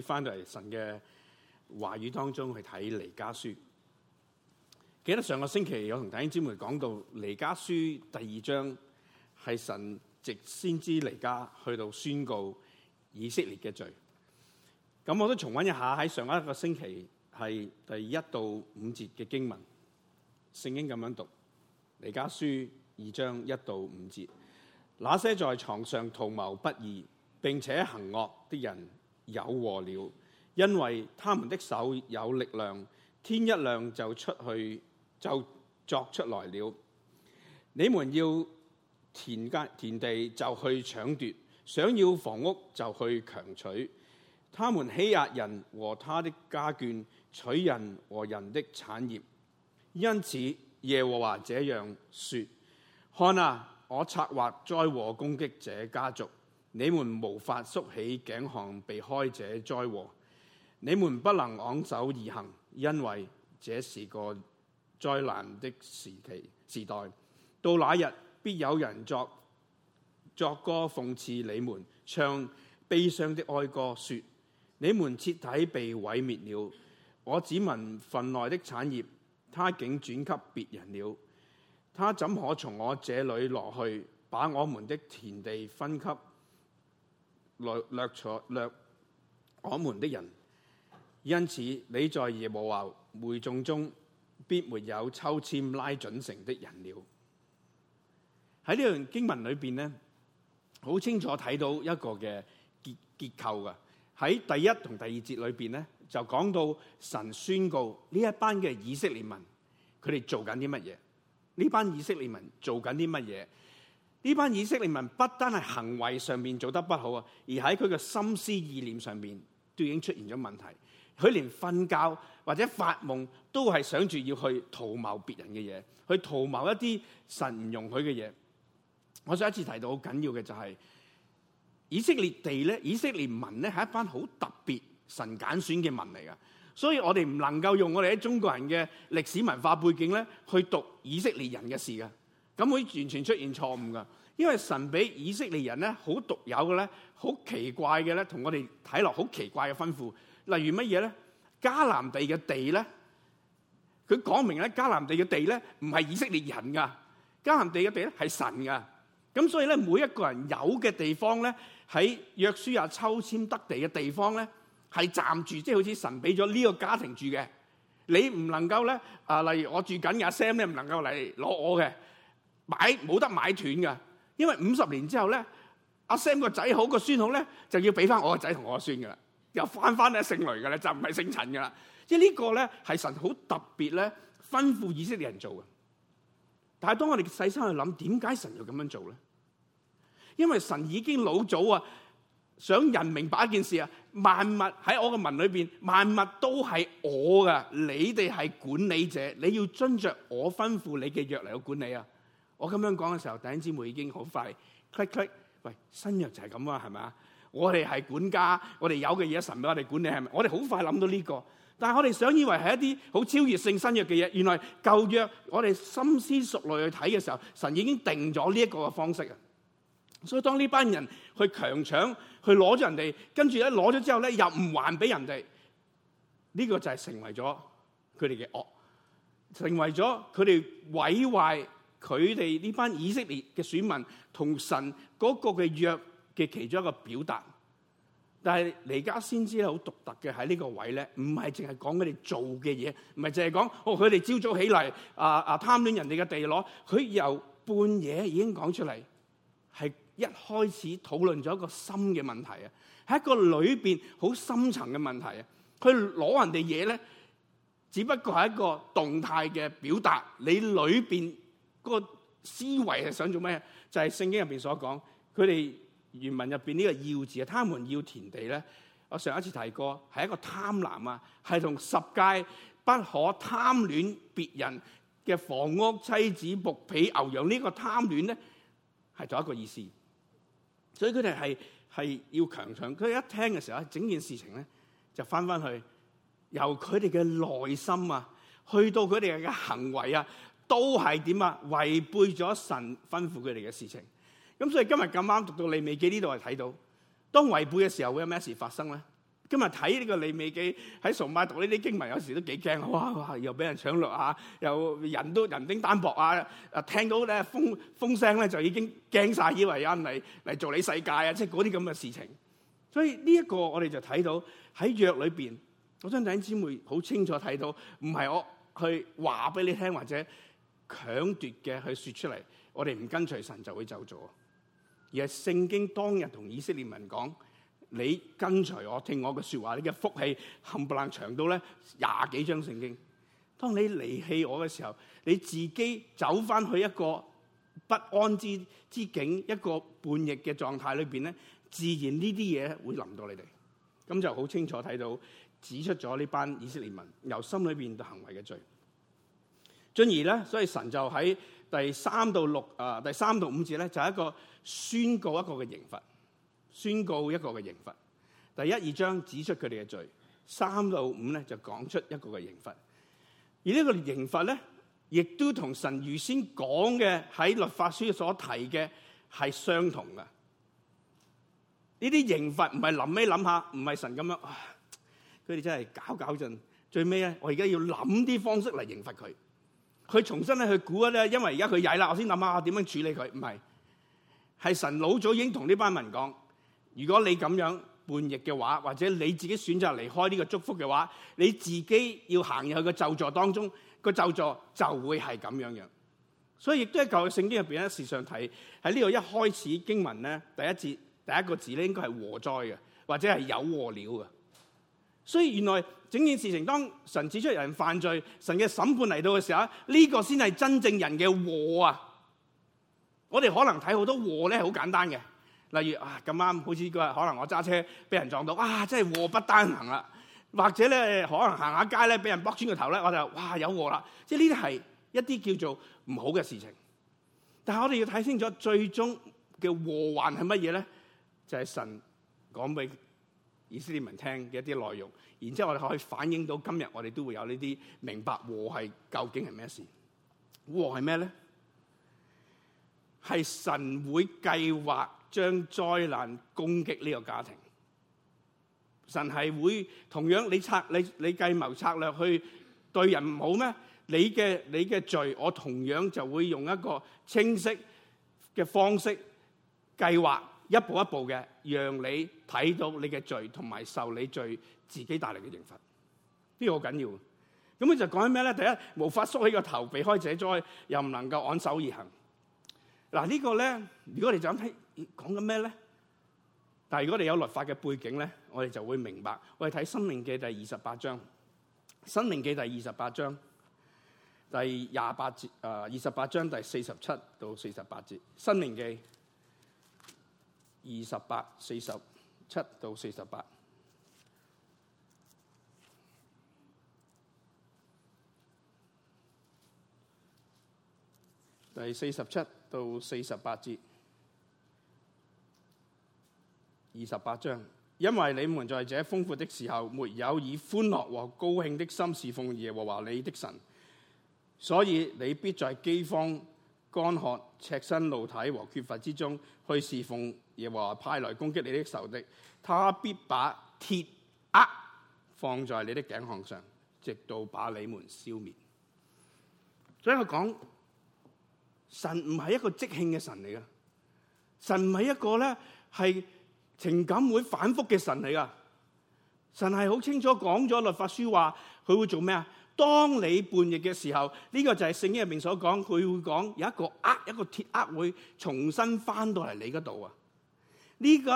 翻到嚟神嘅話語當中去睇彌迦書，記得上個星期我同弟兄姊妹講到彌迦書第二章係神直先知彌迦去到宣告以色列嘅罪。咁我都重溫一下喺上一個星期係第一到五節嘅經文，聖經咁樣讀彌迦書二章一到五節，那些在床上圖謀不義，並且行惡的人。有和了，因為他們的手有力量，天一亮就出去就作出來了。你們要田間田地就去搶奪，想要房屋就去強取。他們欺壓人和他的家眷，取人和人的產業。因此耶和華這樣說：看啊，我策劃災禍攻擊這家族。你們無法縮起頸項避開這災禍，你們不能昂首而行，因為這是個災難的時期時代。到那日必有人作作歌諷刺你們，唱悲傷的哀歌，說：你們徹底被毀滅了。我指民份內的產業，他竟轉給別人了。他怎可從我這裏落去，把我們的田地分給？略略錯略，我們的人，因此你在耶和華會眾中，必沒有抽籤拉準成的人了。喺呢段經文裏邊呢，好清楚睇到一個嘅結結構噶。喺第一同第二節裏邊呢，就講到神宣告呢一班嘅以色列民，佢哋做緊啲乜嘢？呢班以色列民做緊啲乜嘢？呢班以色列民不單係行為上面做得不好啊，而喺佢嘅心思意念上面都已經出現咗問題。佢連瞓覺或者發夢都係想住要去圖謀別人嘅嘢，去圖謀一啲神唔容許嘅嘢。我上一次提到好緊要嘅就係、是、以色列地咧，以色列民咧係一班好特別神揀選嘅民嚟噶，所以我哋唔能夠用我哋喺中國人嘅歷史文化背景咧去讀以色列人嘅事噶。咁會完全出現錯誤噶，因為神俾以色列人咧好獨有嘅咧，好奇怪嘅咧，同我哋睇落好奇怪嘅吩咐。例如乜嘢咧？迦南地嘅地咧，佢講明咧迦南地嘅地咧唔係以色列人噶，迦南地嘅地咧係神噶。咁所以咧，每一個人有嘅地方咧，喺約書亞抽籤得地嘅地方咧，係暫住，即係好似神俾咗呢個家庭住嘅。你唔能夠咧，啊，例如我住緊阿 Sam 咧，唔能夠嚟攞我嘅。買冇得買斷噶因為五十年之後咧，阿 Sam 個仔好個孫好咧，就要俾翻我個仔同我個孫噶啦，又翻翻咧姓雷噶啦，就唔係姓陳噶啦。即係呢個咧係神好特別咧吩咐以色列人做嘅。但係當我哋細心去諗，點解神要咁樣做咧？因為神已經老早啊想人明白一件事啊，萬物喺我嘅文裏邊，萬物都係我噶，你哋係管理者，你要遵着我吩咐你嘅約嚟，去管理啊。我咁樣講嘅時候，弟兄姊妹已經好快 click click，喂，新約就係咁啊，係咪啊？我哋係管家，我哋有嘅嘢，神俾我哋管理係咪？我哋好快諗到呢個，但係我哋想以為係一啲好超越性新約嘅嘢，原來舊約我哋深思熟慮去睇嘅時候，神已經定咗呢一個嘅方式啊！所以當呢班人去強搶，去攞咗人哋，跟住咧攞咗之後咧又唔還俾人哋，呢個就係成為咗佢哋嘅惡，成為咗佢哋毀壞。佢哋呢班以色列嘅選民同神嗰個嘅約嘅其中一個表達，但係彌迦先知好獨特嘅喺呢個位咧，唔係淨係講佢哋做嘅嘢，唔係淨係講哦，佢哋朝早起嚟啊啊貪戀人哋嘅地攞，佢由半夜已經講出嚟，係一開始討論咗一個深嘅問題啊，係一個裏邊好深層嘅問題啊，佢攞人哋嘢咧，只不過係一個動態嘅表達，你裏邊。那個思維係想做咩？就係、是、聖經入邊所講，佢哋原文入邊呢個要字，他們要田地咧。我上一次提過，係一個貪婪啊，係同十戒不可貪戀別人嘅房屋、妻子、僕婢、牛羊呢、這個貪戀咧，係同一個意思。所以佢哋係係要強調。佢一聽嘅時候，整件事情咧就翻翻去，由佢哋嘅內心啊，去到佢哋嘅行為啊。都係點啊？違背咗神吩咐佢哋嘅事情，咁所以今日咁啱讀到利未記呢度，係睇到當違背嘅時候，會有咩事發生咧？今日睇呢個利未記喺崇拜讀呢啲經文，有時都幾驚，哇！又俾人搶掠啊，又人都人丁單薄啊，啊，聽到咧風風聲咧就已經驚晒，以為有人嚟嚟做你世界啊，即係嗰啲咁嘅事情。所以呢一個我哋就睇到喺約裏邊，我想弟兄姊妹好清楚睇到，唔係我去話俾你聽，或者。搶奪嘅去說出嚟，我哋唔跟隨神就會走咗。而係聖經當日同以色列民講：「你跟隨我，聽我嘅說話，你嘅福氣冚唪唥長到咧廿幾章聖經。當你離棄我嘅時候，你自己走翻去一個不安之之境，一個叛逆嘅狀態裏邊咧，自然呢啲嘢會臨到你哋。咁就好清楚睇到指出咗呢班以色列民由心裏邊到行為嘅罪。進而咧，所以神就喺第三到六啊，第三到五節咧就係一個宣告，一個嘅刑罰，宣告一個嘅刑罰。第一二章指出佢哋嘅罪，三到五咧就講出一個嘅刑罰。而呢個刑罰咧，亦都同神預先講嘅喺律法書所提嘅係相同嘅。呢啲刑罰唔係諗咩諗下，唔係神咁樣啊，佢哋真係搞搞震。最尾咧，我而家要諗啲方式嚟刑罰佢。佢重新咧去估咧，因為而家佢曳啦，我先諗下我點樣處理佢？唔係，係神老早已經同呢班民講：如果你咁樣叛逆嘅話，或者你自己選擇離開呢個祝福嘅話，你自己要行入去個咒詛當中，個咒詛就會係咁樣樣。所以亦都喺舊嘅聖經入邊一事上睇，喺呢度一開始經文咧第一節第一個字咧應該係禍哉嘅，或者係有禍了嘅。所以原來整件事情，當神指出人犯罪，神嘅審判嚟到嘅時候，呢、這個先係真正人嘅禍啊！我哋可能睇好多禍咧，好簡單嘅，例如啊咁啱，好似佢可能我揸車俾人撞到，啊，真係禍不單行啦。或者咧，可能行下街咧，俾人駁轉個頭咧，我就哇有禍啦。即係呢啲係一啲叫做唔好嘅事情。但係我哋要睇清楚最終嘅禍患係乜嘢咧？就係、是、神講俾。以色列人聽嘅一啲內容，然之後我哋可以反映到今日，我哋都會有呢啲明白禍哉究竟係咩事？禍哉咩咧？係神會計劃將災難攻擊呢個家庭。神係會同樣你策你你計謀策略去對人唔好咩？你嘅你嘅罪，我同樣就會用一個清晰嘅方式計劃。一步一步嘅，讓你睇到你嘅罪同埋受你罪自己帶嚟嘅刑罰，這很重，呢個好緊要。咁你就講緊咩咧？第一，無法縮起個頭避開隻災，又唔能夠昂首而行。嗱、啊這個、呢個咧，如果你就咁睇，講緊咩咧？但係如果你有律法嘅背景咧，我哋就會明白。我哋睇《申命記》第二十八章，《申命記》第二十八章第廿八節，誒，二十八章第四十七到四十八節，《申命記》。二十八、四十七到四十八，第四十七到四十八節，二十八章。因為你們在這豐富的時候，沒有以歡樂和高興的心侍奉耶和華你的神，所以你必在饑荒、乾渴、赤身露體和缺乏之中去侍奉。亦話派來攻擊你的仇敵，他必把鐵軛放在你的頸項上，直到把你們消滅。所以我講，神唔係一個即興嘅神嚟㗎，神唔係一個咧係情感會反覆嘅神嚟㗎，神係好清楚講咗律法書話佢會做咩啊？當你叛逆嘅時候，呢、這個就係聖經入面所講，佢會講有一個軛一個鐵軛會重新返到嚟你嗰度啊！呢、這個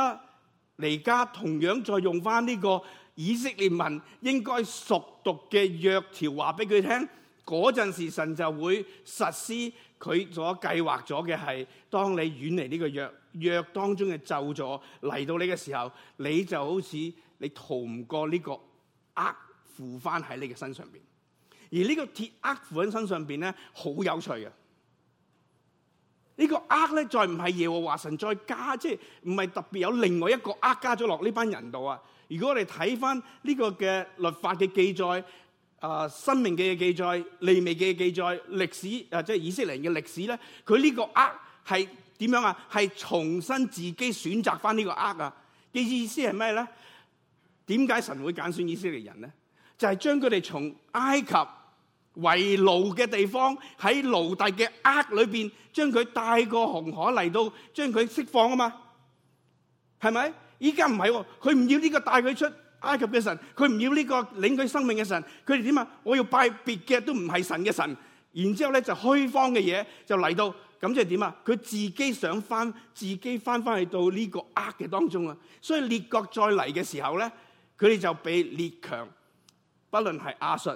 彌迦同樣再用翻呢個以色列文應該熟讀嘅約條，話俾佢聽，嗰陣時神就會實施佢所計劃咗嘅係。當你遠離呢個約約當中嘅咒詛嚟到你嘅時候，你就好似你逃唔過呢個軛附翻喺你嘅身上邊，而呢個鐵軛附喺身上邊咧，好有趣嘅。呢、這個呃咧，再唔係耶和華神再加，即係唔係特別有另外一個呃加咗落呢班人度啊？如果我哋睇翻呢個嘅律法嘅記載、啊、呃、生命記嘅記載、利未記嘅記載、歷史啊，即係以色列人嘅歷史咧，佢呢個呃係點樣啊？係重新自己選擇翻呢個呃啊？嘅意思係咩咧？點解神會揀選以色列人咧？就係將佢哋從埃及。為奴嘅地方喺奴隸嘅呃裏邊，將佢帶過紅海嚟到，將佢釋放啊嘛？係咪？依家唔係喎，佢唔要呢個帶佢出埃及嘅神，佢唔要呢個領佢生命嘅神，佢哋點啊？我要拜別嘅都唔係神嘅神。然之後咧就虛荒嘅嘢就嚟到，咁即係點啊？佢自己想翻，自己翻翻去到呢個呃嘅當中啊。所以列國再嚟嘅時候咧，佢哋就被列強，不論係亞述、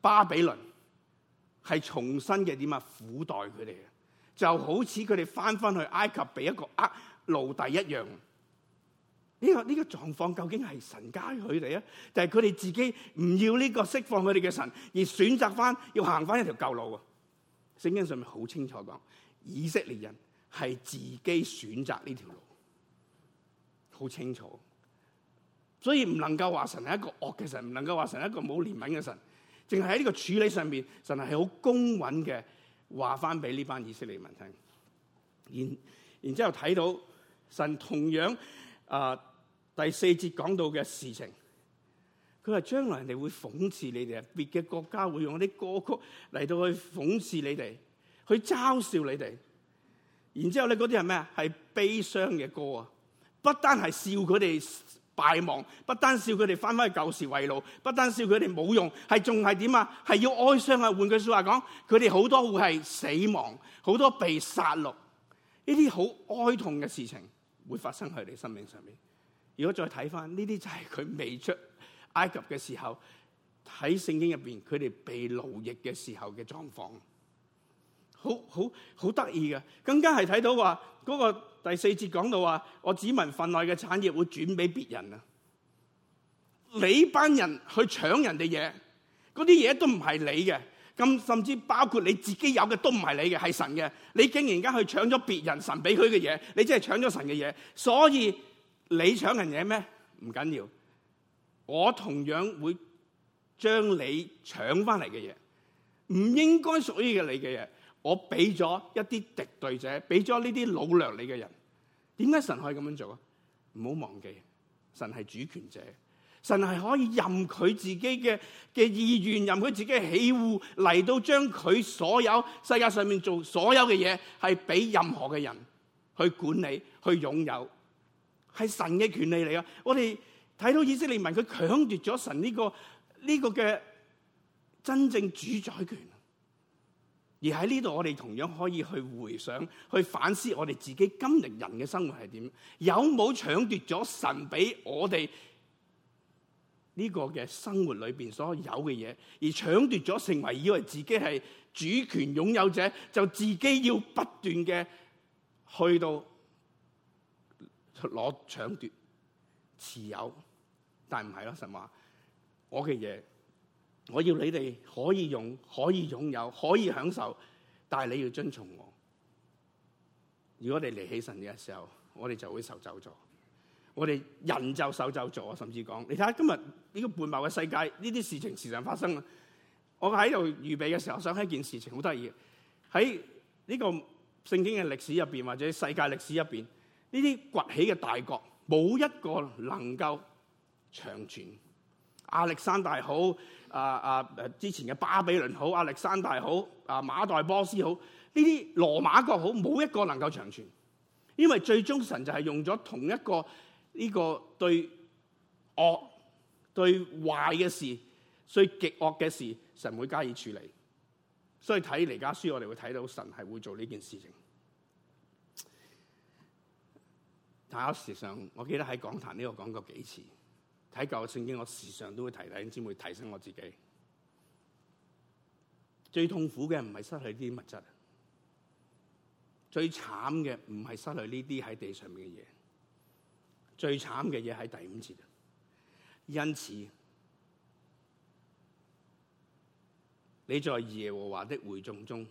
巴比倫。係重新嘅點啊？苦待佢哋嘅，就好似佢哋翻翻去埃及俾一個呃奴隸一樣。呢個呢個狀況究竟係神加於佢哋啊？定係佢哋自己唔要呢個釋放佢哋嘅神，而選擇翻要行翻一條舊路啊？聖經上面好清楚講，以色列人係自己選擇呢條路，好清楚。所以唔能夠話神係一個惡嘅神，唔能夠話神係一個冇憐憫嘅神。淨係喺呢個處理上面，神係係好公允嘅，話翻俾呢班以色列民聽。然然之後睇到神同樣啊、呃、第四節講到嘅事情，佢話將來人哋會諷刺你哋，別嘅國家會用啲歌曲嚟到去諷刺你哋，去嘲笑你哋。然之後咧，嗰啲係咩啊？係悲傷嘅歌啊！不單係笑佢哋。敗亡，不單笑佢哋翻返去舊時圍路，不單笑佢哋冇用，係仲係點啊？係要哀傷啊！換句說話講，佢哋好多會係死亡，好多被殺戮，呢啲好哀痛嘅事情會發生喺你生命上面。如果再睇翻呢啲，就係佢未出埃及嘅時候，喺聖經入邊佢哋被奴役嘅時候嘅狀況，好好好得意嘅，更加係睇到話。嗰、那個第四節講到話，我子民份內嘅產業會轉俾別人啊！你班人去搶人哋嘢，嗰啲嘢都唔係你嘅，咁甚至包括你自己有嘅都唔係你嘅，係神嘅。你竟然而家去搶咗別人神俾佢嘅嘢，你真係搶咗神嘅嘢。所以你搶人嘢咩？唔緊要緊，我同樣會將你搶翻嚟嘅嘢，唔應該屬於嘅你嘅嘢。我俾咗一啲敵對者，俾咗呢啲擄掠你嘅人。點解神可以咁樣做啊？唔好忘記，神係主權者，神係可以任佢自己嘅嘅意願，任佢自己嘅喜惡嚟到將佢所有世界上面做所有嘅嘢，係俾任何嘅人去管理、去擁有，係神嘅權利嚟噶。我哋睇到以色列民佢搶奪咗神呢個呢個嘅真正主宰權。而喺呢度，我哋同樣可以去回想、去反思我哋自己今日人嘅生活係點，有冇搶奪咗神俾我哋呢個嘅生活裏邊所有嘅嘢，而搶奪咗成為以為自己係主權擁有者，就自己要不斷嘅去到攞搶奪持有，但係唔係咯神話，我嘅嘢。我要你哋可以用，可以擁有，可以享受，但係你要遵從我。如果你哋離棄神嘅時候，我哋就會受咒詛。我哋人就受咒詛，甚至講，你睇下今日呢個半貌嘅世界，呢啲事情時常發生。我喺度預備嘅時候，想喺一件事情好得意，喺呢個聖經嘅歷史入邊，或者世界歷史入邊，呢啲崛起嘅大國，冇一個能夠長存。亞歷山大好，啊啊誒，之前嘅巴比倫好，亞歷山大好，啊瑪代波斯好，呢啲羅馬國好，冇一個能夠長存，因為最終神就係用咗同一個呢個對惡對壞嘅事，所以極惡嘅事，神會加以處理，所以睇彌迦書，我哋會睇到神係會做呢件事情。但係實際上，我記得喺講壇呢度講過幾次。睇舊嘅聖經，我時常都會提提，只會提醒我自己。最痛苦的不是失去這些物質，最慘的不是失去這些在地上的嘅嘢，最慘的嘢在第五節。因此，你在耶和華的會眾中，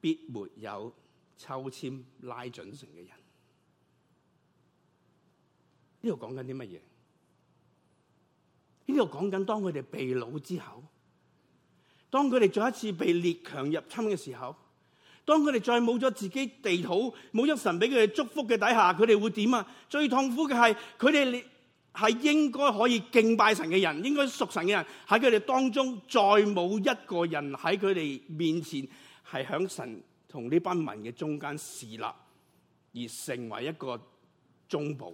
必沒有抽簽拉準繩的人。呢度講緊啲乜嘢？呢度講緊當佢哋被擄之後，當佢哋再一次被列強入侵嘅時候，當佢哋再冇咗自己地土，冇咗神俾佢哋祝福嘅底下，佢哋會點啊？最痛苦嘅係佢哋係應該可以敬拜神嘅人，應該屬神嘅人喺佢哋當中，再冇一個人喺佢哋面前係響神同呢班民嘅中間侍立，而成為一個中保，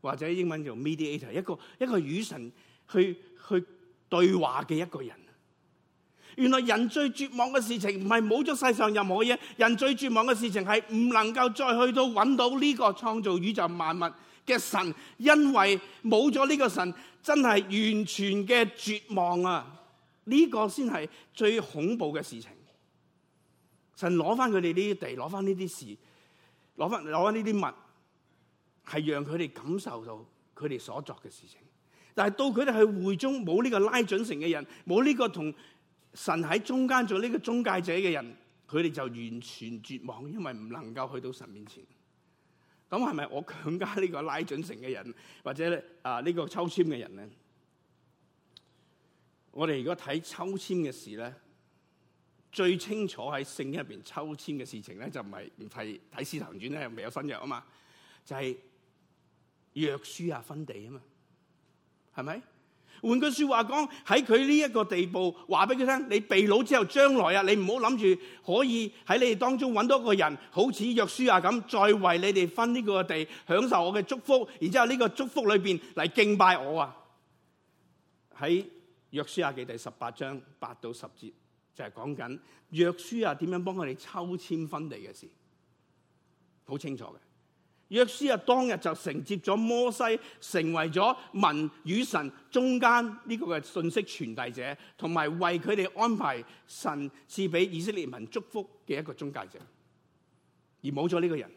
或者英文叫 mediator，一個一個與神。去去對話嘅一個人，原來人最絕望嘅事情唔係冇咗世上任何嘢，人最絕望嘅事情係唔能夠再去到揾到呢個創造宇宙萬物嘅神，因為冇咗呢個神，真係完全嘅絕望啊！呢個先係最恐怖嘅事情。神攞翻佢哋呢啲地，攞翻呢啲事，攞翻攞翻呢啲物，係讓佢哋感受到佢哋所作嘅事情。但係到佢哋去會中冇呢個拉準繩嘅人，冇呢個同神喺中間做呢個中介者嘅人，佢哋就完全絕望，因為唔能夠去到神面前。咁係咪我強加呢個拉準繩嘅人，或者呢啊、這個、簽的呢個抽籤嘅人咧？我哋如果睇抽籤嘅事咧，最清楚喺聖經入邊抽籤嘅事情咧，就唔係唔係睇《使徒行傳》咧，未有新約啊嘛，就係、是、約書亞分地啊嘛。係咪？換句話說話講，喺佢呢一個地步，話俾佢聽：你被擄之後，將來啊，你唔好諗住可以喺你哋當中揾到一個人，好似約書亞咁，再為你哋分呢個地，享受我嘅祝福。然之後呢個祝福裏邊嚟敬拜我啊！喺約書亞記第十八章八到十節，就係、是、講緊約書亞點樣幫佢哋抽籤分地嘅事，好清楚嘅。約書亞當日就承接咗摩西，成為咗民與神中間呢個嘅信息傳遞者，同埋為佢哋安排神賜俾以色列民祝福嘅一個中介者。而冇咗呢個人，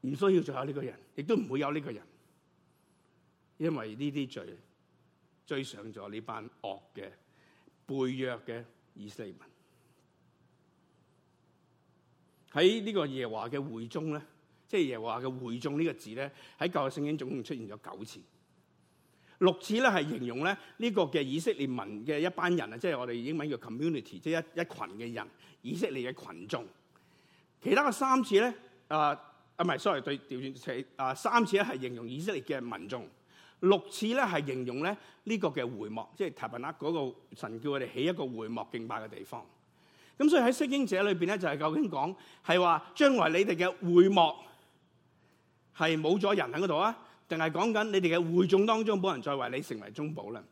唔需要再有呢個人，亦都唔會有呢個人，因為呢啲罪追上咗呢班惡嘅背約嘅以色列民。喺呢個耶和華嘅會中咧。即係耶和華嘅會眾呢個字咧，喺舊嘅聖經總共出現咗九次，六次咧係形容咧呢、這個嘅以色列民嘅一班人啊，即、就、係、是、我哋英文叫 community，即係一一群嘅人，以色列嘅群眾。其他嘅三次咧，啊啊唔係，sorry，對調轉，啊三次咧係形容以色列嘅民眾，六次咧係形容咧呢、這個嘅會幕，即係 Tabernacle 嗰個神叫我哋起一個會幕敬拜嘅地方。咁所以喺釋經者裏邊咧，就係、是、究竟講係話將來你哋嘅會幕。係冇咗人喺嗰度啊？定係講緊你哋嘅會眾當中冇人再為你成為中保啦？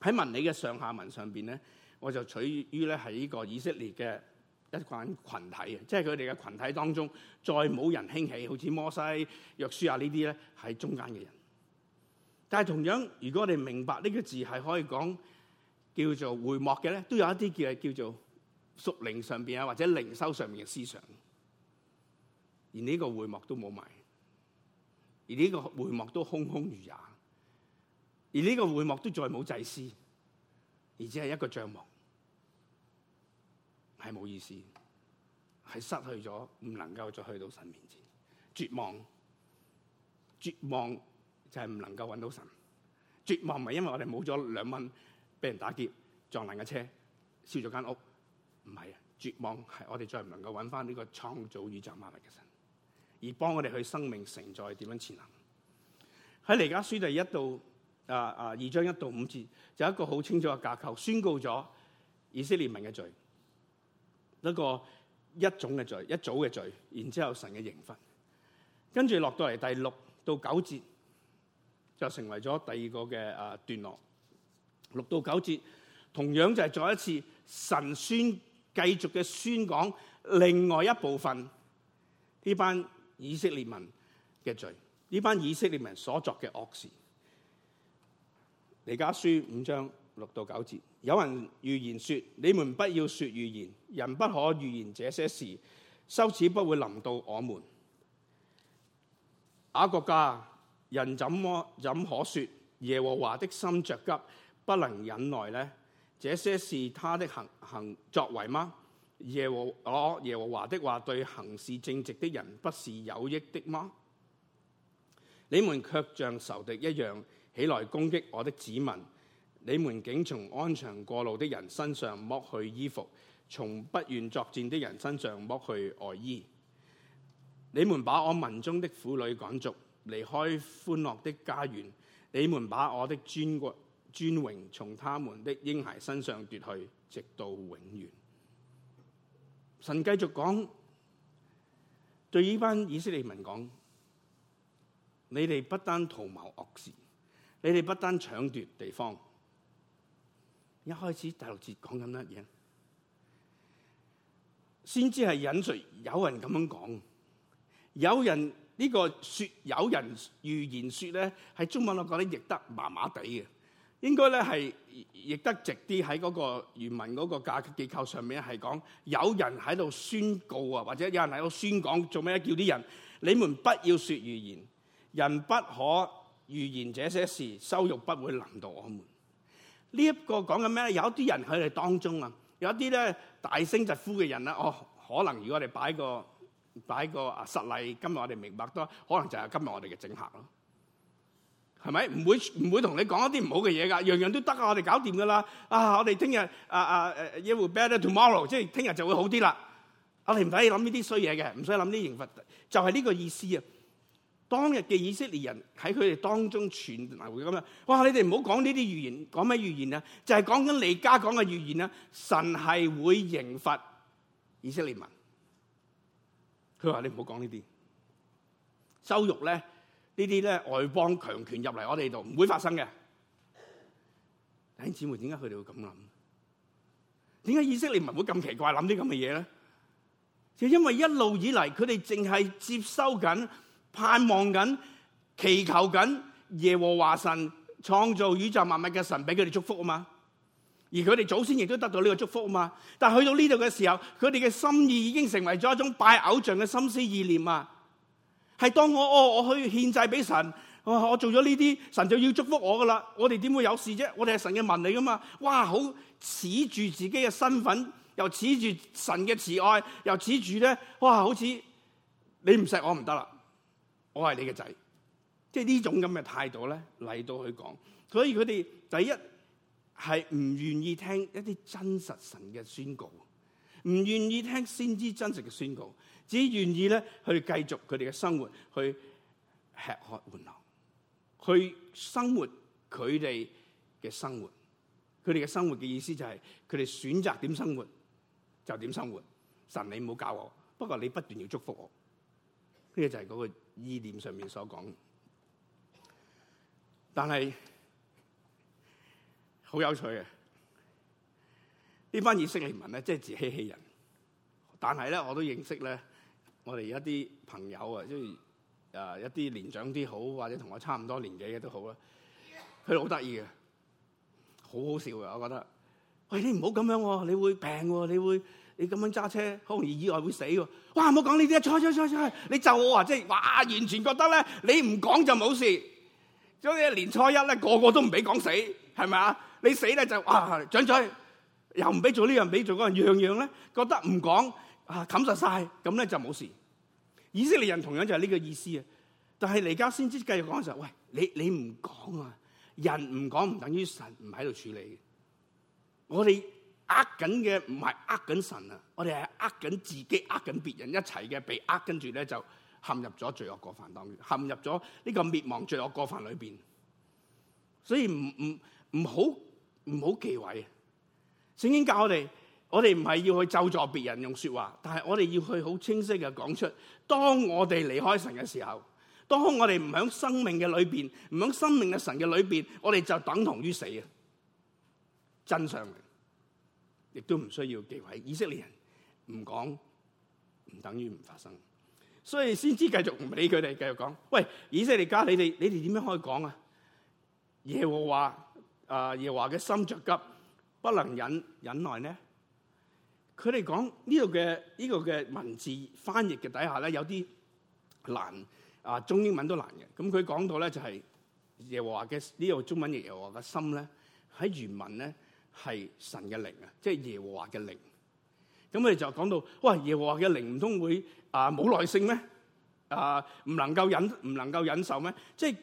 喺文理嘅上下文上邊咧，我就取於咧喺呢個以色列嘅一群群體啊，即係佢哋嘅群體當中再冇人興起，好似摩西、約書亞呢啲咧，係中間嘅人。但係同樣，如果我哋明白呢個字係可以講叫做會幕嘅咧，都有一啲叫叫做屬靈上邊啊，或者靈修上面嘅思想，而呢個會幕都冇埋。而呢個會幕都空空如也，而呢個會幕都再冇祭司，而只係一個帳幕，係冇意思，係失去咗，唔能夠再去到神面前，絕望，絕望就係唔能夠揾到神，絕望唔係因為我哋冇咗兩蚊俾人打劫，撞爛架車，燒咗間屋，唔係啊，絕望係我哋再唔能夠揾翻呢個創造宇宙萬物嘅神。而幫我哋去生命承載點樣前行？喺彌迦書第一到啊啊二章一到五節，就一個好清楚嘅架構，宣告咗以色列民嘅罪，一個一種嘅罪，一組嘅罪，然之後神嘅刑罰，跟住落到嚟第六到九節，就成為咗第二個嘅，啊、段落。六到九節同樣就係再一次神宣繼續嘅宣講，另外一部分呢班。以色列民嘅罪，呢班以色列民所作嘅惡事。彌迦書五章六到九節，有人預言說：你們不要說預言，人不可預言這些事，羞恥不會臨到我們。阿、啊、雅各家人怎麼怎可說耶和華的心着急，不能忍耐呢？這些是他的行行作為嗎？耶和我耶和華的話對行事正直的人不是有益的嗎？你們卻像仇敵一樣起來攻擊我的子民，你們竟從安詳過路的人身上剝去衣服，從不願作戰的人身上剝去外衣。你們把我民中的婦女趕逐，離開歡樂的家園。你們把我的尊貴尊榮從他們的嬰孩身上奪去，直到永遠。神繼續講，對於這班以色列民講：你哋不單圖謀惡事，你哋不單搶奪地方。一開始第六節講緊乜嘢？先知係引述有人這樣講，有人呢個說，有人預言説咧，喺中文我覺得譯得麻麻地應該咧係亦得直啲喺嗰個漁民嗰個架結構,構上面係講有人喺度宣告啊，或者有人喺度宣講做咩叫啲人你們不要説預言，人不可預言這些事，羞辱不會臨到我們。呢、這、一個講緊咩咧？有啲人喺你當中啊，有啲咧大聲疾呼嘅人啦。哦，可能如果我哋擺個擺個啊實例，今日我哋明白多，可能就係今日我哋嘅政客咯。係咪唔會唔會同你講一啲唔好嘅嘢噶？樣樣都得啊！我哋搞掂噶啦！啊，我哋聽日啊啊，even better tomorrow，即係聽日就會好啲啦！我哋唔使諗呢啲衰嘢嘅，唔使諗呢啲刑罰，就係呢個意思啊！當日嘅以色列人喺佢哋當中傳埋會咁樣！哇，你哋唔好講呢啲預言，講咩預言啊？就係講緊彌迦講嘅預言啊！神係會刑罰以色列民。佢話你唔好講呢啲，羞辱咧。呢啲咧外邦強權入嚟，我哋度唔會發生嘅。弟兄姊妹，點解佢哋會咁諗？點解以色列唔會咁奇怪諗啲咁嘅嘢咧？就因為一路以嚟佢哋淨係接收緊、盼望緊、祈求緊耶和華神創造宇宙萬物嘅神俾佢哋祝福啊嘛。而佢哋祖先亦都得到呢個祝福啊嘛。但係去到呢度嘅時候，佢哋嘅心意已經成為咗一種拜偶像嘅心思意念啊。係當我哦，我去獻祭俾神，哦，我做咗呢啲，神就要祝福我噶啦。我哋點會有事啫？我哋係神嘅民嚟噶嘛？哇！好恃住自己嘅身份，又恃住神嘅慈愛，又恃住咧，哇！好似你唔錫我唔得啦，我係你嘅仔，即係呢種咁嘅態度咧嚟到去講。所以佢哋第一係唔願意聽一啲真實神嘅宣告，唔願意聽先知真實嘅宣告。只願意咧去繼續佢哋嘅生活，去吃喝玩樂，去生活佢哋嘅生活。佢哋嘅生活嘅意思就係佢哋選擇點生活就點生活。神你唔好教我，不過你不斷要祝福我。呢個就係嗰個意念上面所講。但係好有趣嘅，呢班以色列民咧即係自欺欺人。但係咧，我都認識咧。我哋一啲朋友啊，即係啊一啲年長啲好，或者同我差唔多年紀嘅都好啦。佢好得意嘅，好好笑嘅，我覺得。喂，你唔好咁樣喎，你會病喎，你會你咁樣揸車，好容易意外會死喎。哇，唔好講呢啲啊！錯錯錯錯，你咒我啊，即係哇，完全覺得咧，你唔講就冇事。所以年初一咧，個個都唔俾講死，係咪啊？你死咧就哇，再再又唔俾做呢樣，唔俾做嗰樣，樣樣咧覺得唔講。啊，冚實晒咁咧就冇事。以色列人同樣就係呢個意思啊。但係彌迦先知繼續講嘅時候，喂，你你唔講啊，人唔講唔等於神唔喺度處理。我哋呃緊嘅唔係呃緊神啊，我哋係呃緊自己，呃緊別人一齊嘅被呃，跟住咧就陷入咗罪惡過犯當中，陷入咗呢個滅亡罪惡過犯裏邊。所以唔唔唔好唔好忌諱。聖經教我哋。我哋唔係要去咒詛別人用說話，但係我哋要去好清晰嘅講出：當我哋離開神嘅時候，當我哋唔響生命嘅裏邊，唔響生命嘅神嘅裏邊，我哋就等同於死啊！真相嘅，亦都唔需要忌諱。以色列人唔講，唔等於唔發生。所以先知繼續唔理佢哋，繼續講：喂，以色列家，你哋你哋點樣可以講啊？耶和華啊、呃，耶和華嘅心着急，不能忍忍耐呢？佢哋講呢度嘅呢個嘅文字翻譯嘅底下咧，有啲難啊，中英文都難嘅。咁佢講到咧就係耶和華嘅呢個中文嘅耶和華嘅心咧，喺原文咧係神嘅靈啊，即係耶和華嘅靈。咁佢哋就講到哇，耶和華嘅靈唔通會啊冇耐性咩？啊，唔、啊、唔能夠忍唔能夠忍受咩？即係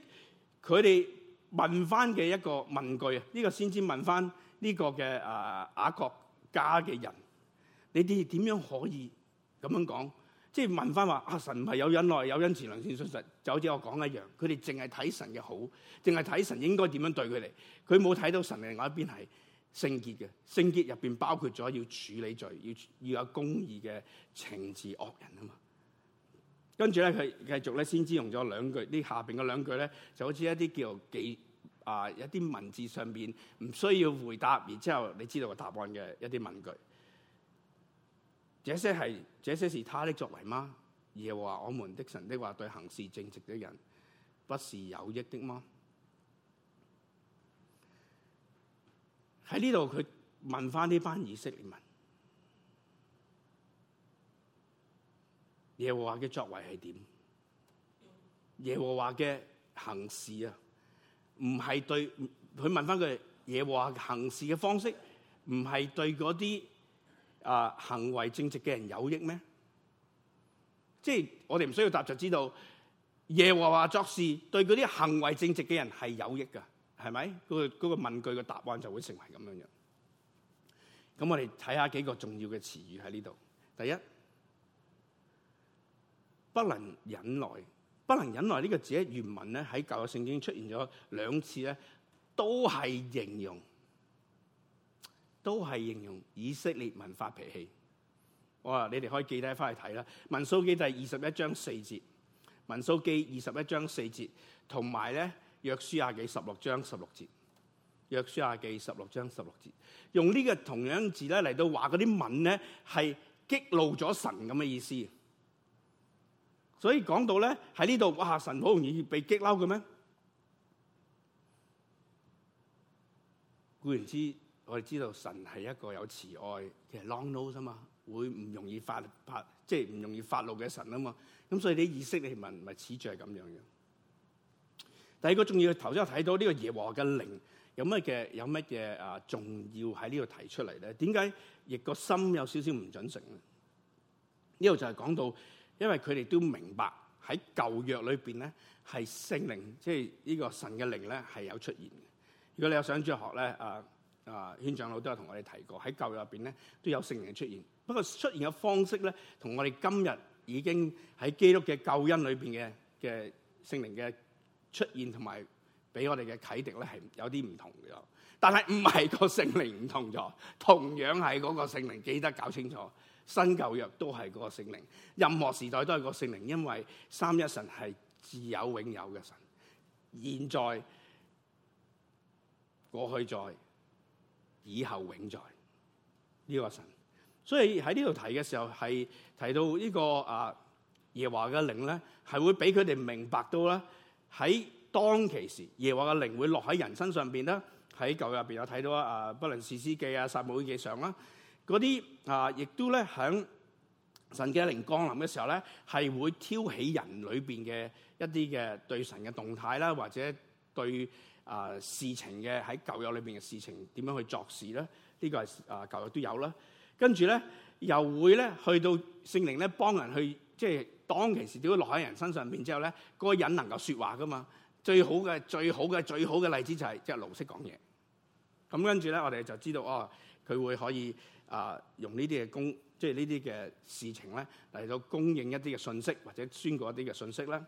佢哋問翻嘅一個問句、這個、問個啊，呢個先知問翻呢個嘅啊雅各家嘅人。你哋點樣可以咁樣講？即係問翻話阿神唔係有忍耐、有恩慈良善信實，就好似我講一樣。佢哋淨係睇神嘅好，淨係睇神應該點樣對佢哋。佢冇睇到神的另外一邊係聖潔嘅，聖潔入邊包括咗要處理罪，要要有公義嘅懲治惡人啊嘛。跟住咧，佢繼續咧，先知用咗兩,兩句呢下邊嗰兩句咧，就好似一啲叫幾啊、呃、一啲文字上邊唔需要回答，然之後你知道個答案嘅一啲問句。這些係是，這些是他的作為嗎？耶和華我們的神的話對行事正直的人不是有益的嗎？喺呢度佢問返呢班以色列民，耶和華嘅作為係點？耶和華嘅行事啊，唔係對。佢問返佢耶和華行事嘅方式，唔係對嗰啲。啊！行為正直嘅人有益咩？即係我哋唔需要答就知道，耶和華作事對嗰啲行為正直嘅人係有益噶，係咪？嗰個嗰個問句嘅答案就會成為咁樣樣。咁我哋睇下幾個重要嘅詞語喺呢度。第一，不能忍耐，不能忍耐呢個字喺原文咧喺舊約聖經出現咗兩次咧，都係形容。都係形容以色列民發脾氣。我話你哋可以記低翻去睇啦，《民數記》第二十一章四節，《民數記》二十一章四節，同埋咧《約書亞記》十六章十六節，《約書亞記》十六章十六節，用呢個同樣字咧嚟到話嗰啲民咧係激怒咗神咁嘅意思。所以講到咧喺呢度，哇！神好容易被激嬲嘅咩？固然之。我哋知道神係一個有慈愛嘅，實 long nose 啊嘛，會唔容易發發，即係唔容易發怒嘅神啊嘛。咁所以你意識嘅文明始終係咁樣嘅。第二個重要嘅頭先我睇到呢個耶和華嘅靈有乜嘅有乜嘢？啊，重要喺呢度提出嚟咧。點解亦個心有少少唔準誠咧？呢度就係講到，因為佢哋都明白喺舊約裏邊咧，係聖靈，即係呢個神嘅靈咧係有出現嘅。如果你有想著學咧啊。啊，宣長老都有同我哋提過，喺舊約入邊咧都有聖靈出現，不過出現嘅方式咧，同我哋今日已經喺基督嘅救恩裏邊嘅嘅聖靈嘅出現同埋俾我哋嘅啟迪咧，係有啲唔同嘅。但係唔係個聖靈唔同咗，同樣係嗰個聖靈，記得搞清楚新舊約都係嗰個聖靈，任何時代都係個聖靈，因為三一神係自有永有嘅神，現在、過去在。以後永在呢，這個神，所以喺呢度提嘅時候係，提到這個啊、華呢個啊耶華嘅靈咧，係會俾佢哋明白到咧，喺當其時耶和華嘅靈會落喺人身上邊啦。喺舊約入邊有睇到啊，士師記啊、撒母耳記上啦，嗰啲啊亦都咧喺神嘅靈降臨嘅時候咧，係會挑起人裏邊嘅一啲嘅對神嘅動態啦，或者對。啊事情嘅喺舊約裏邊嘅事情點樣去作事咧？呢、這個係啊舊約都有啦。跟住咧又會咧去到聖靈咧幫人去，即係當其時只要落喺人身上邊之後咧，嗰、那個人能夠説話噶嘛。最好嘅最好嘅最好嘅例子就係隻驢識講嘢。咁、嗯、跟住咧，我哋就知道哦，佢會可以啊、呃、用呢啲嘅供，即係呢啲嘅事情咧嚟到供應一啲嘅信息或者宣告一啲嘅信息啦。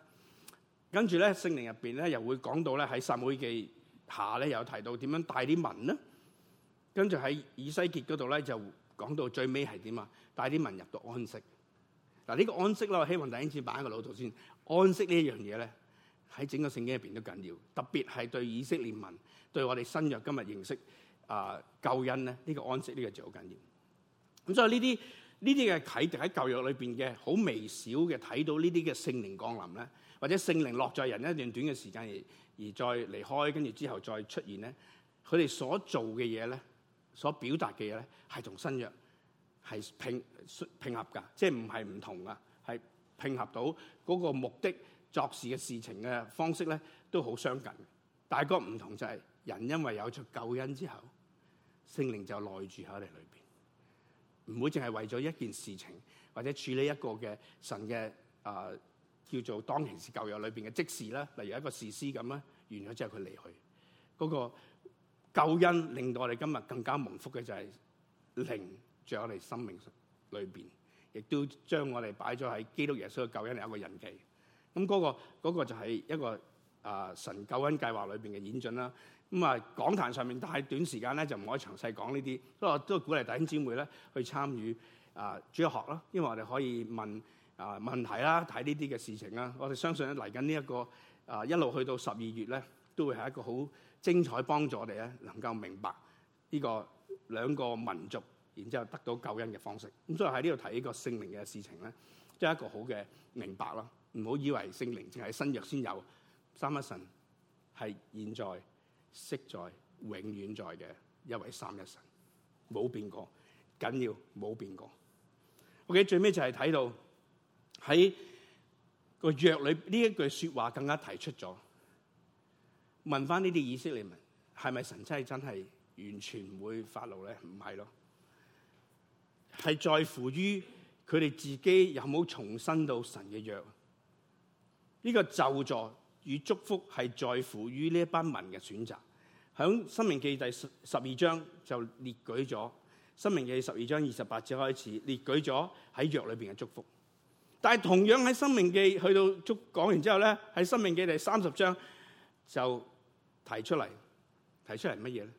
跟住咧，聖靈入邊咧，又會講到咧喺撒母耳記下咧，又提到點樣帶啲民。咧。跟住喺以西結嗰度咧，就講到最尾係點啊，帶啲民入到安息。嗱，呢個安息啦，我希望弟兄姊妹擺喺個腦度先安息這呢一樣嘢咧，喺整個聖經入邊都緊要，特別係對以色列民，對我哋新約今日認識啊救恩咧，呃、呢、這個安息呢個字好緊要。咁所以呢啲呢啲嘅啟迪喺舊約裏邊嘅好微小嘅睇到這些的聖靈呢啲嘅聖靈降臨咧。或者聖靈落在人一段短嘅時間而，而再離開，跟住之後再出現咧，佢哋所做嘅嘢咧，所表達嘅嘢咧，係同新約係拼拼合㗎，即係唔係唔同啊？係拼合到嗰個目的，作事嘅事情嘅方式咧，都好相近。但係個唔同就係、是、人因為有咗救恩之後，聖靈就內住喺你裏邊，唔會淨係為咗一件事情或者處理一個嘅神嘅啊。呃叫做當其時舊約裏邊嘅即時啦，例如一個士師咁啦，完咗之後佢離去。嗰、那個救恩令到我哋今日更加蒙福嘅就係靈在我哋生命裏邊，亦都將我哋擺咗喺基督耶穌嘅救恩有一個印記。咁、那、嗰、個那個就係一個啊、呃、神救恩計劃裏邊嘅演進啦。咁啊講壇上面，太短時間咧就唔可以詳細講呢啲。不過都鼓勵弟兄姊妹咧去參與啊主日學咯，因為我哋可以問。啊！問題啦、啊，睇呢啲嘅事情啦、啊，我哋相信嚟緊呢一個啊，一路去到十二月咧，都會係一個好精彩，幫助我哋咧能夠明白呢個兩個民族，然之後得到救恩嘅方式。咁所以喺呢度睇呢個聖靈嘅事情咧，真係一個好嘅明白咯、啊。唔好以為聖靈淨係新約先有三一神，係現在、昔在、永遠在嘅，一位三一神冇變過，緊要冇變過。OK，最尾就係睇到。喺個約裏呢一句說話更加提出咗，問翻呢啲以色列民，係咪神真係真係完全唔會發怒咧？唔係咯，係在乎於佢哋自己有冇重生到神嘅約。呢個咒詛與祝福係在乎於呢一班民嘅選擇。喺《申命記》第十二章就列舉咗，《申命記》十二章二十八節開始列舉咗喺約裏邊嘅祝福。但係同樣喺《生命記》去到祝講完之後咧，喺《生命記》第三十章就提出嚟，提出嚟乜嘢咧？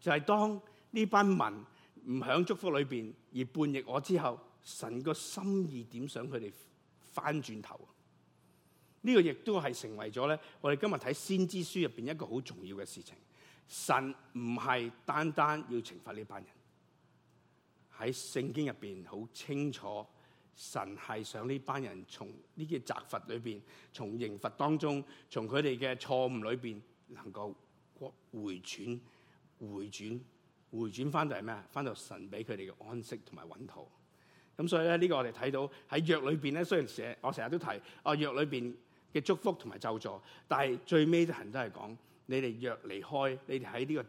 就係當呢班民唔響祝福裏邊而叛逆我之後，神個心意點想佢哋翻轉頭？呢個亦都係成為咗咧，我哋今日睇先知書入邊一個好重要嘅事情。神唔係單單要懲罰呢班人，喺聖經入邊好清楚。神係想呢班人從呢啲責罰裏邊、從刑罰當中、從佢哋嘅錯誤裏邊，能夠回轉、回轉、回轉翻到係咩啊？翻到神俾佢哋嘅安息同埋穩妥。咁所以咧，呢、這個我哋睇到喺約裏邊咧，雖然成日我成日都提，啊約裏邊嘅祝福同埋咒詛，但係最尾人都係講：你哋若離開，你哋喺呢個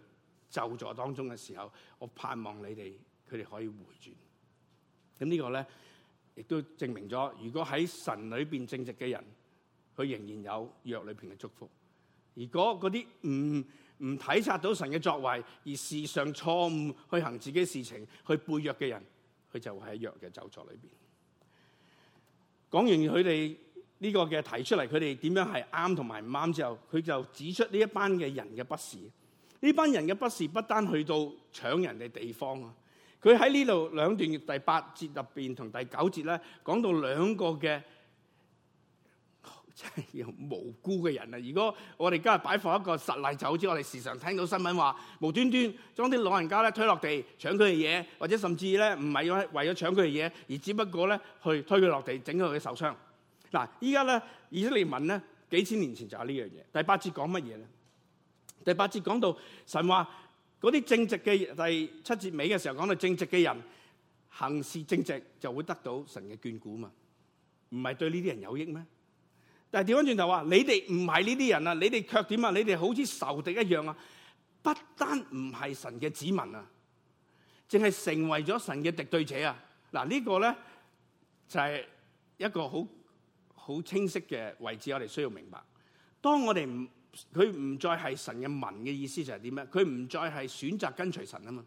咒詛當中嘅時候，我盼望你哋佢哋可以回轉。咁呢個咧。亦都證明咗，如果喺神裏邊正直嘅人，佢仍然有約裏邊嘅祝福；如果嗰啲唔唔體察到神嘅作為，而事上錯誤去行自己事情、去背約嘅人，佢就會喺約嘅咒詛裏邊。講完佢哋呢個嘅提出嚟，佢哋點樣係啱同埋唔啱之後，佢就指出呢一班嘅人嘅不是，呢班人嘅不是，不單去到搶人嘅地方啊！佢喺呢度兩段嘅第八節入邊同第九節咧講到兩個嘅真係無辜嘅人啊！如果我哋今日擺放一個實例，就好似我哋時常聽到新聞話無端端將啲老人家咧推落地，搶佢嘅嘢，或者甚至咧唔係為咗搶佢嘅嘢，而只不過咧去推佢落地，整到佢受傷。嗱，依家咧以色列民咧幾千年前就有呢樣嘢。第八節講乜嘢咧？第八節講到神話。嗰啲正直嘅人，第七節尾嘅時候講到正直嘅人行事正直就會得到神嘅眷顧嘛，唔係對呢啲人有益咩？但係調翻轉頭話，你哋唔係呢啲人啊，你哋卻點啊？你哋好似仇敵一樣啊！不單唔係神嘅子民啊，淨係成為咗神嘅敵對者啊！嗱、這個，呢個咧就係、是、一個好好清晰嘅位置，我哋需要明白。當我哋唔佢唔再係神嘅民嘅意思就係點咩？佢唔再係選擇跟隨神啊嘛，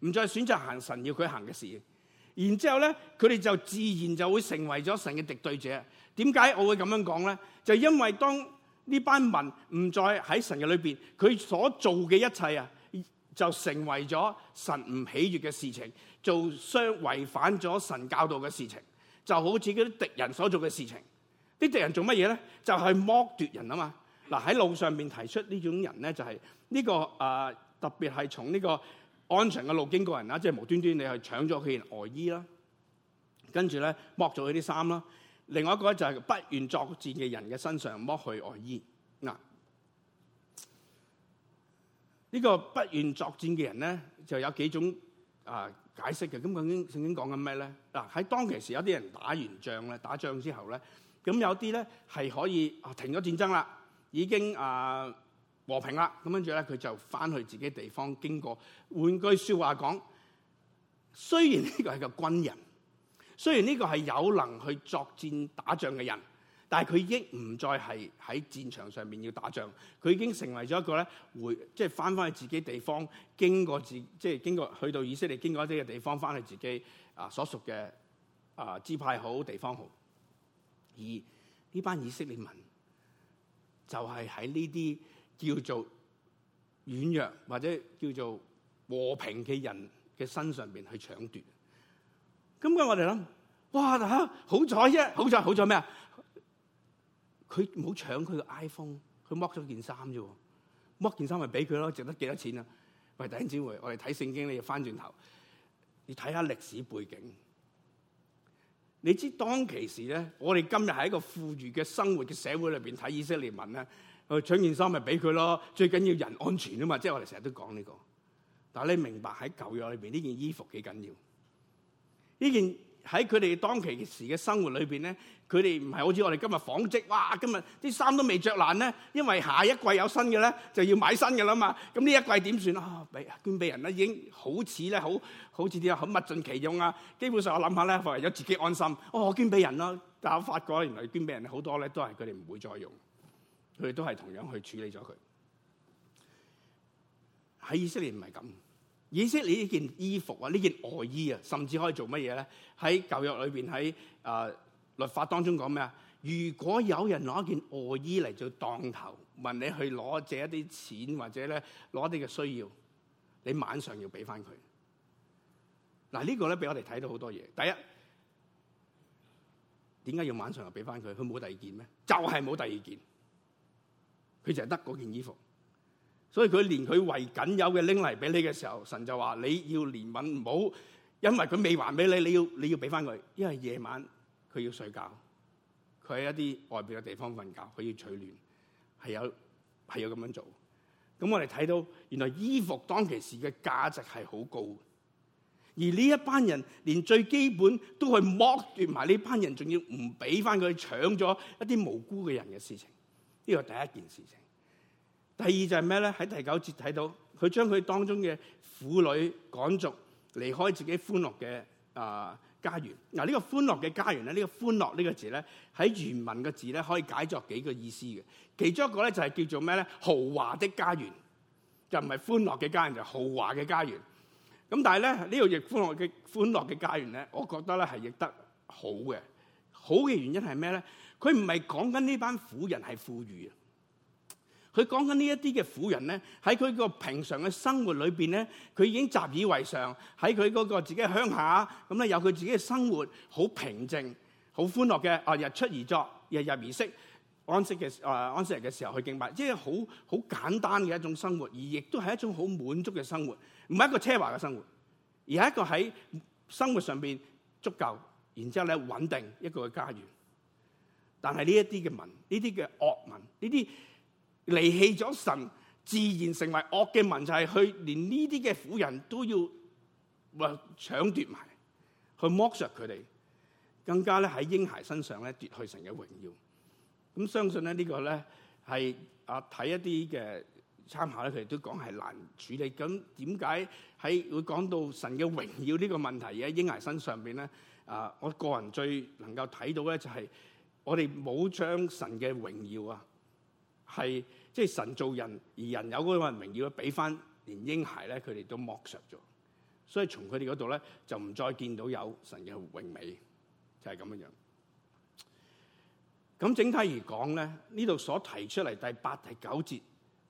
唔再選擇行神要佢行嘅事。然之後咧，佢哋就自然就會成為咗神嘅敵對者。點解我會咁樣講咧？就因為當呢班民唔再喺神嘅裏邊，佢所做嘅一切啊，就成為咗神唔喜悅嘅事情，做相違反咗神教導嘅事情，就好似嗰啲敵人所做嘅事情。啲敵人做乜嘢咧？就係剝奪人啊嘛。嗱，喺路上面提出呢種人咧，這個，就係呢個誒特別係從呢個安全嘅路經過的人啦，即係無端端你去搶咗佢外衣啦，跟住咧剝咗佢啲衫啦。另外一個咧就係不願作戰嘅人嘅身上剝去外、呃、衣嗱。呢、呃這個不願作戰嘅人咧就有幾種誒、呃、解釋嘅。咁究竟聖經講緊咩咧？嗱、呃、喺當其時有啲人打完仗咧，打仗之後咧，咁有啲咧係可以、啊、停咗戰爭啦。已經啊和平啦，咁跟住咧佢就翻去自己地方，經過換句説話講，雖然呢個係個軍人，雖然呢個係有能去作戰打仗嘅人，但係佢亦唔再係喺戰場上面要打仗。佢已經成為咗一個咧回即係翻返去自己地方，經過自即係經過去到以色列經過一啲嘅地方，翻去自己啊所屬嘅啊支派好地方好。而呢班以色列民。就係喺呢啲叫做軟弱或者叫做和平嘅人嘅身上邊去搶奪，咁我哋諗，哇嚇好彩啫，好彩好彩咩啊？佢唔好搶佢嘅 iPhone，佢剝咗件衫啫，剝件衫咪俾佢咯，值得幾多錢啊？喂，弟兄姊妹，我哋睇聖經你要翻轉頭，要睇下歷史背景。你知當其時咧，我哋今日喺一個富裕嘅生活嘅社會裏邊睇以色列民咧，去搶件衫咪俾佢咯。最緊要人安全啊嘛，即係我哋成日都講呢個。但係你明白喺舊約裏邊呢件衣服幾緊要？呢件喺佢哋當其時嘅生活裏邊咧，佢哋唔係好似我哋今日紡織，哇！今日啲衫都未着爛咧，因為下一季有新嘅咧，就要買新嘅啦嘛。咁呢一季點算啊？俾、哦、捐俾人啦，已經好似咧，好好似啲好物盡其用啊。基本上我諗下咧，為咗自己安心，我、哦、捐俾人咯。但我發覺原來捐俾人好多咧，都係佢哋唔會再用，佢哋都係同樣去處理咗佢。喺以色列唔係咁。意思係你呢件衣服啊，呢件外衣啊，甚至可以做乜嘢咧？喺舊約裏邊，喺啊、呃、律法當中講咩啊？如果有人攞一件外衣嚟做當頭，問你去攞借一啲錢或者咧攞啲嘅需要，你晚上要俾翻佢。嗱、這個、呢個咧俾我哋睇到好多嘢。第一，點解要晚上要俾翻佢？佢冇第二件咩？就係、是、冇第二件，佢就係得嗰件衣服。所以佢連佢唯僅有嘅拎嚟俾你嘅時候，神就話你要憐憫，唔好因為佢未還俾你，你要你要俾翻佢。因為夜晚佢要睡覺，佢喺一啲外邊嘅地方瞓覺，佢要取暖，係有係有咁樣做。咁我哋睇到原來衣服當其時嘅價值係好高，而呢一班人連最基本都去剝奪埋呢班人，仲要唔俾翻佢，搶咗一啲無辜嘅人嘅事情，呢個第一件事情。第二就係咩咧？喺第九節睇到佢將佢當中嘅婦女趕逐離開自己歡樂嘅，啊，家園。嗱，呢個歡樂嘅家園咧，呢個歡樂呢個字咧，喺原文嘅字咧，可以解作幾個意思嘅。其中一個咧就係叫做咩咧？豪華的家園，就唔係歡樂嘅家園，就係豪華嘅家園。咁但係咧，呢個亦歡樂嘅歡樂嘅家園咧，我覺得咧係譯得好嘅。好嘅原因係咩咧？佢唔係講緊呢班婦人係富裕。佢講緊呢一啲嘅婦人咧，喺佢個平常嘅生活裏邊咧，佢已經習以為常。喺佢嗰個自己嘅鄉下咁咧，有佢自己嘅生活靜，好平靜、好歡樂嘅。啊，日出而作，日入而息，安息嘅啊，安息日嘅時候去敬拜，即係好好簡單嘅一種生活，而亦都係一種好滿足嘅生活，唔係一個奢華嘅生活，而係一個喺生活上邊足夠，然之後咧穩定一個嘅家園。但係呢一啲嘅民，呢啲嘅惡民，呢啲。離棄咗神，自然成為惡嘅民，就係去連呢啲嘅婦人都要，或搶奪埋，去剝削佢哋，更加咧喺嬰孩身上咧奪去神嘅榮耀。咁、嗯、相信咧呢個咧係啊睇一啲嘅參考咧，佢哋都講係難處理。咁點解喺會講到神嘅榮耀呢個問題而喺嬰孩身上邊咧？啊，我個人最能夠睇到咧就係我哋冇將神嘅榮耀啊。係即係神做人，而人有嗰個榮耀，俾翻連嬰孩咧，佢哋都剝削咗。所以從佢哋嗰度咧，就唔再見到有神嘅榮美，就係咁樣樣。咁整體而講咧，呢度所提出嚟，第八、第九節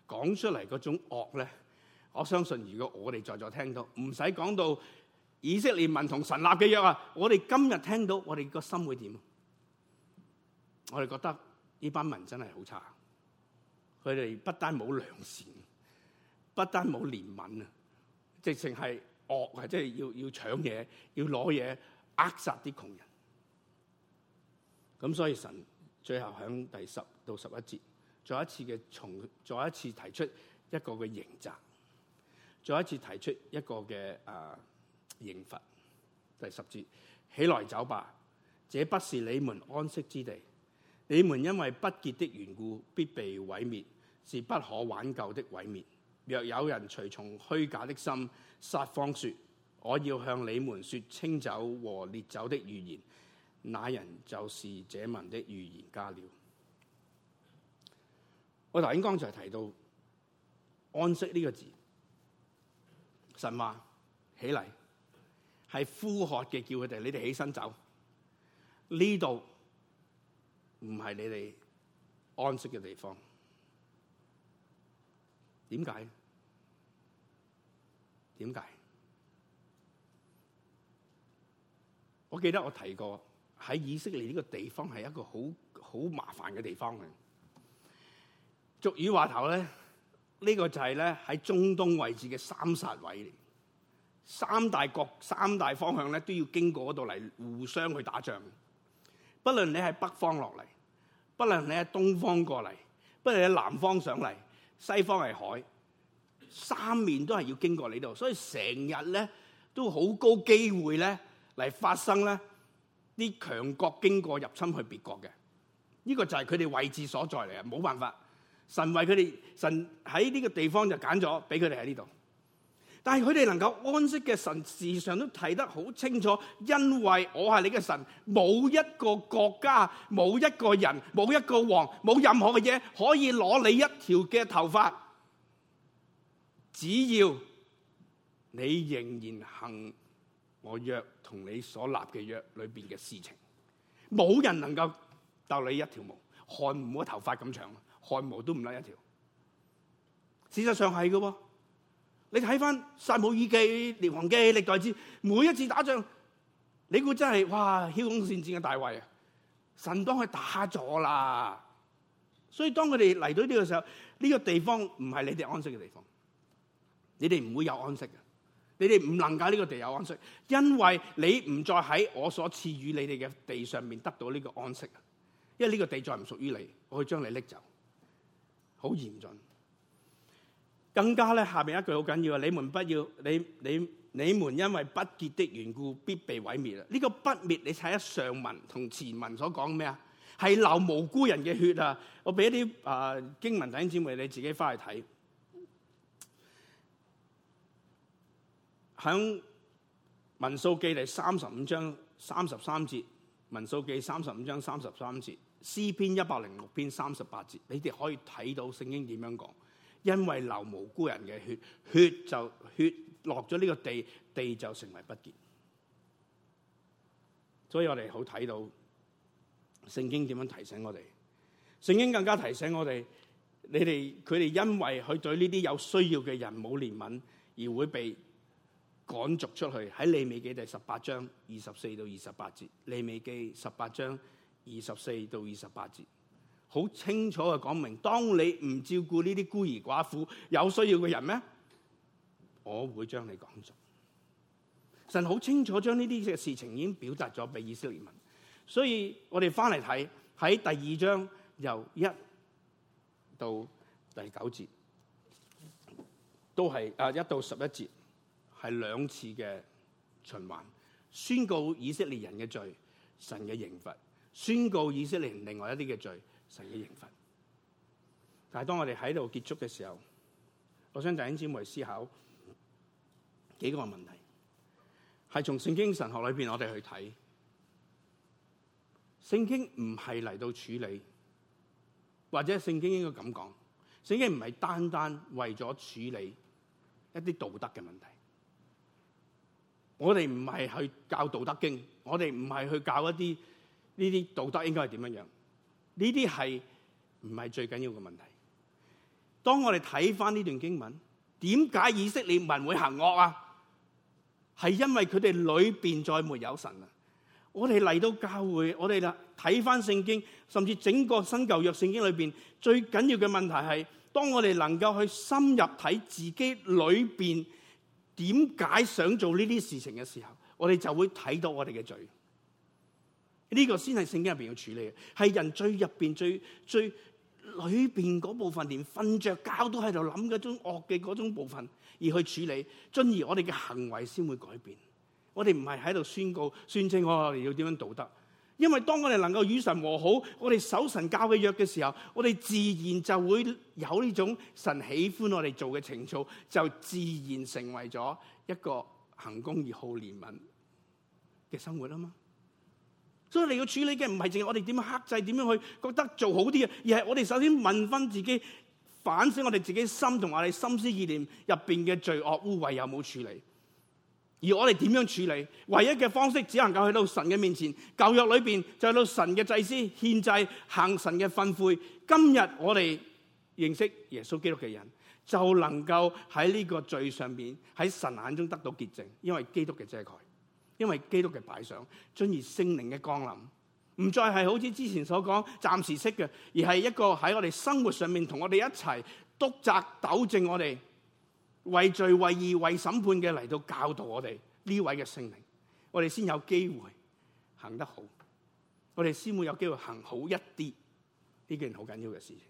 講出嚟嗰種惡咧，我相信如果我哋在座聽到，唔使講到以色列民同神立嘅約啊，我哋今日聽到，我哋個心會點？我哋覺得呢班民真係好差。佢哋不單冇良善，不單冇憐憫啊！直情係惡啊！即係要要搶嘢，要攞嘢，扼殺啲窮人。咁所以神最後喺第十到十一節，再一次嘅從，再一次提出一個嘅刑責，再一次提出一個嘅啊刑罰。第十節，起來走吧，這不是你們安息之地。你們因為不潔的緣故，必被毀滅。是不可挽救的毀滅。若有人隨從虛假的心殺方，撒謊說，我要向你們說清酒和烈酒的預言，那人就是這民的預言家了。我頭先剛才提到安息呢個字，神話起嚟係呼喝嘅，叫佢哋，你哋起身走。呢度唔係你哋安息嘅地方。點解？點解？我記得我提過喺以色列呢個地方係一個好好麻煩嘅地方嘅。俗語話頭咧，呢個就係咧喺中東位置嘅三煞位嚟，三大國、三大方向咧都要經過嗰度嚟互相去打仗。不論你喺北方落嚟，不論你喺東方過嚟，不論你喺南方上嚟。西方係海，三面都係要經過呢度，所以成日咧都好高機會咧嚟發生咧啲強國經過入侵去別國嘅，呢個就係佢哋位置所在嚟嘅，冇辦法，神為佢哋神喺呢個地方就揀咗俾佢哋喺呢度。但係佢哋能夠安息嘅神，事實上都睇得好清楚，因為我係你嘅神，冇一個國家，冇一個人，冇一個王，冇任何嘅嘢可以攞你一條嘅頭髮，只要你仍然行我約同你所立嘅約裏邊嘅事情，冇人能夠掉你一條毛，汗毛頭髮咁長，汗毛都唔甩一條，事實上係嘅喎。你睇翻《撒母耳記》《列王記》《歷代志》，每一次打仗，你估真係哇，驍勇善戰嘅大衞啊！神當佢打咗啦，所以當佢哋嚟到呢個時候，呢個地方唔係你哋安息嘅地方，你哋唔會有安息嘅，你哋唔能夠呢個地有安息，因為你唔再喺我所賜予你哋嘅地上面得到呢個安息啊！因為呢個地再唔屬於你，我會將你拎走，好嚴峻。更加咧，下邊一句好緊要啊！你們不要你你你們因為不潔的緣故，必被毀滅啦。呢、這個不滅，你睇下上文同前文所講咩啊？係流無辜人嘅血啊！我俾一啲啊、呃、經文弟兄姊妹，你自己翻去睇。響民數記第三十五章三十三節，民數記三十五章三十三節，詩篇一百零六篇三十八節，你哋可以睇到聖經點樣講。因為流無辜人嘅血，血就血落咗呢個地，地就成為不潔。所以我哋好睇到聖經點樣提醒我哋，聖經更加提醒我哋，你哋佢哋，因為佢對呢啲有需要嘅人冇憐憫，而會被趕逐出去。喺利未記第十八章二十四到二十八節，利未記十八章二十四到二十八節。好清楚嘅講明，當你唔照顧呢啲孤兒寡婦、有需要嘅人咩？我會將你講盡。神好清楚將呢啲嘅事情已經表達咗俾以色列民，所以我哋翻嚟睇喺第二章由一到第九節，都係啊一到十一節係兩次嘅循環，宣告以色列人嘅罪，神嘅刑罰，宣告以色列人另外一啲嘅罪。刑罰，但係當我哋喺度結束嘅時候，我想弟兄姊妹思考幾個問題，係從聖經神學裏邊我哋去睇，聖經唔係嚟到處理，或者聖經應該咁講，聖經唔係單單為咗處理一啲道德嘅問題，我哋唔係去教道德經，我哋唔係去教一啲呢啲道德應該係點樣樣。呢啲係唔係最緊要嘅問題？當我哋睇翻呢段經文，點解以色列民會行惡啊？係因為佢哋裏邊再沒有神啊！我哋嚟到教會，我哋啦睇翻聖經，甚至整個新舊約聖經裏邊，最緊要嘅問題係，當我哋能夠去深入睇自己裏邊，點解想做呢啲事情嘅時候，我哋就會睇到我哋嘅罪。呢、這個先係聖經入邊要處理嘅，係人最入邊、最最裏邊嗰部分，連瞓着覺都喺度諗嗰種惡嘅嗰種部分，而去處理，進而我哋嘅行為先會改變。我哋唔係喺度宣告、宣稱我哋要點樣道德，因為當我哋能夠與神和好，我哋守神教嘅約嘅時候，我哋自然就會有呢種神喜歡我哋做嘅情操，就自然成為咗一個行公義、好憐憫嘅生活啦嘛。所以你要處理嘅唔係淨係我哋點樣克制，點樣去覺得做好啲啊，而係我哋首先問翻自己，反省我哋自己心同埋我哋心思意念入邊嘅罪惡污穢有冇處理？而我哋點樣處理？唯一嘅方式只能夠去到神嘅面前，舊約裏邊就去到神嘅祭司獻祭，行神嘅訓誨。今日我哋認識耶穌基督嘅人，就能夠喺呢個罪上邊喺神眼中得到潔淨，因為基督嘅遮蓋。因為基督嘅擺上，進而聖靈嘅降臨，唔再係好似之前所講暫時式嘅，而係一個喺我哋生活上面同我哋一齊督責糾正我哋，為罪為義為審判嘅嚟到教導我哋呢位嘅聖靈，我哋先有機會行得好，我哋先會有機會行好一啲，呢件好緊要嘅事情。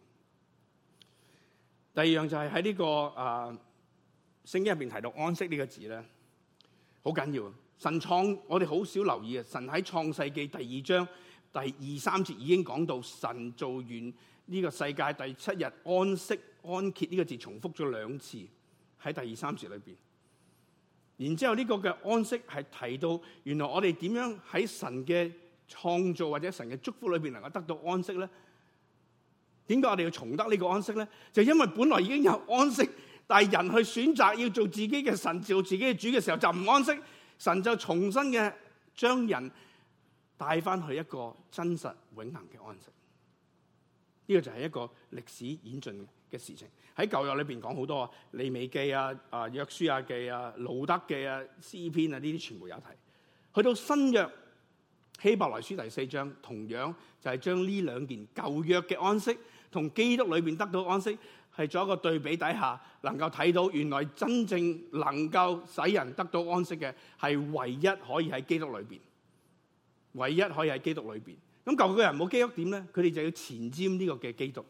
第二樣就係喺呢個啊、呃，聖經入邊提到安息呢個字咧，好緊要。神創，我哋好少留意啊！神喺創世記第二章第二三節已經講到，神造完呢個世界第七日安息，安歇呢個字重複咗兩次喺第二三節裡邊。然之後呢個嘅安息係提到，原來我哋點樣喺神嘅創造或者神嘅祝福裡邊能夠得到安息咧？點解我哋要重得呢個安息咧？就因為本來已經有安息，但係人去選擇要做自己嘅神，做自己嘅主嘅時候就唔安息。神就重新嘅將人帶翻去一個真實永恆嘅安息，呢、這個就係一個歷史演進嘅事情。喺舊約裏邊講好多啊，利未記啊、啊約書亞記啊、路得記啊、詩篇啊，呢啲全部有提。去到新約希伯來書第四章，同樣就係將呢兩件舊約嘅安息同基督裏邊得到嘅安息。係做一個對比底下，能夠睇到原來真正能夠使人得到安息嘅，係唯一可以喺基督裏邊，唯一可以喺基督裏邊。咁舊約嘅人冇基督點咧？佢哋就要前瞻呢個嘅基督。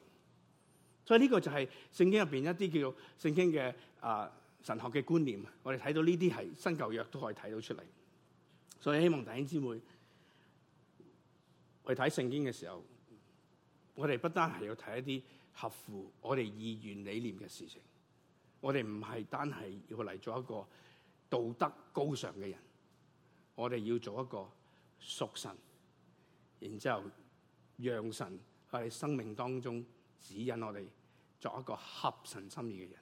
所以呢個就係聖經入邊一啲叫做聖經嘅啊、呃、神學嘅觀念。我哋睇到呢啲係新舊約都可以睇到出嚟。所以希望弟兄姊妹去睇聖經嘅時候，我哋不單係要睇一啲。合乎我哋意願理念嘅事情，我哋唔係單係要嚟做一個道德高尚嘅人，我哋要做一個屬神，然之後讓神喺生命當中指引我哋，做一個合神心意嘅人，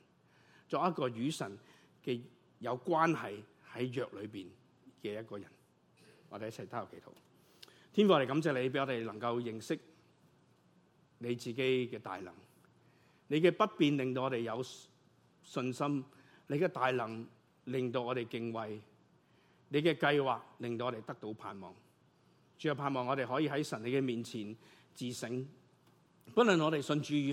做一個與神嘅有關係喺約裏邊嘅一個人，我哋一齊加入祈禱。天父，我哋感謝你，俾我哋能夠認識。你自己嘅大能，你嘅不變令到我哋有信心，你嘅大能令到我哋敬畏，你嘅計劃令到我哋得到盼望。主啊，盼望我哋可以喺神你嘅面前自省，不論我哋信主與否。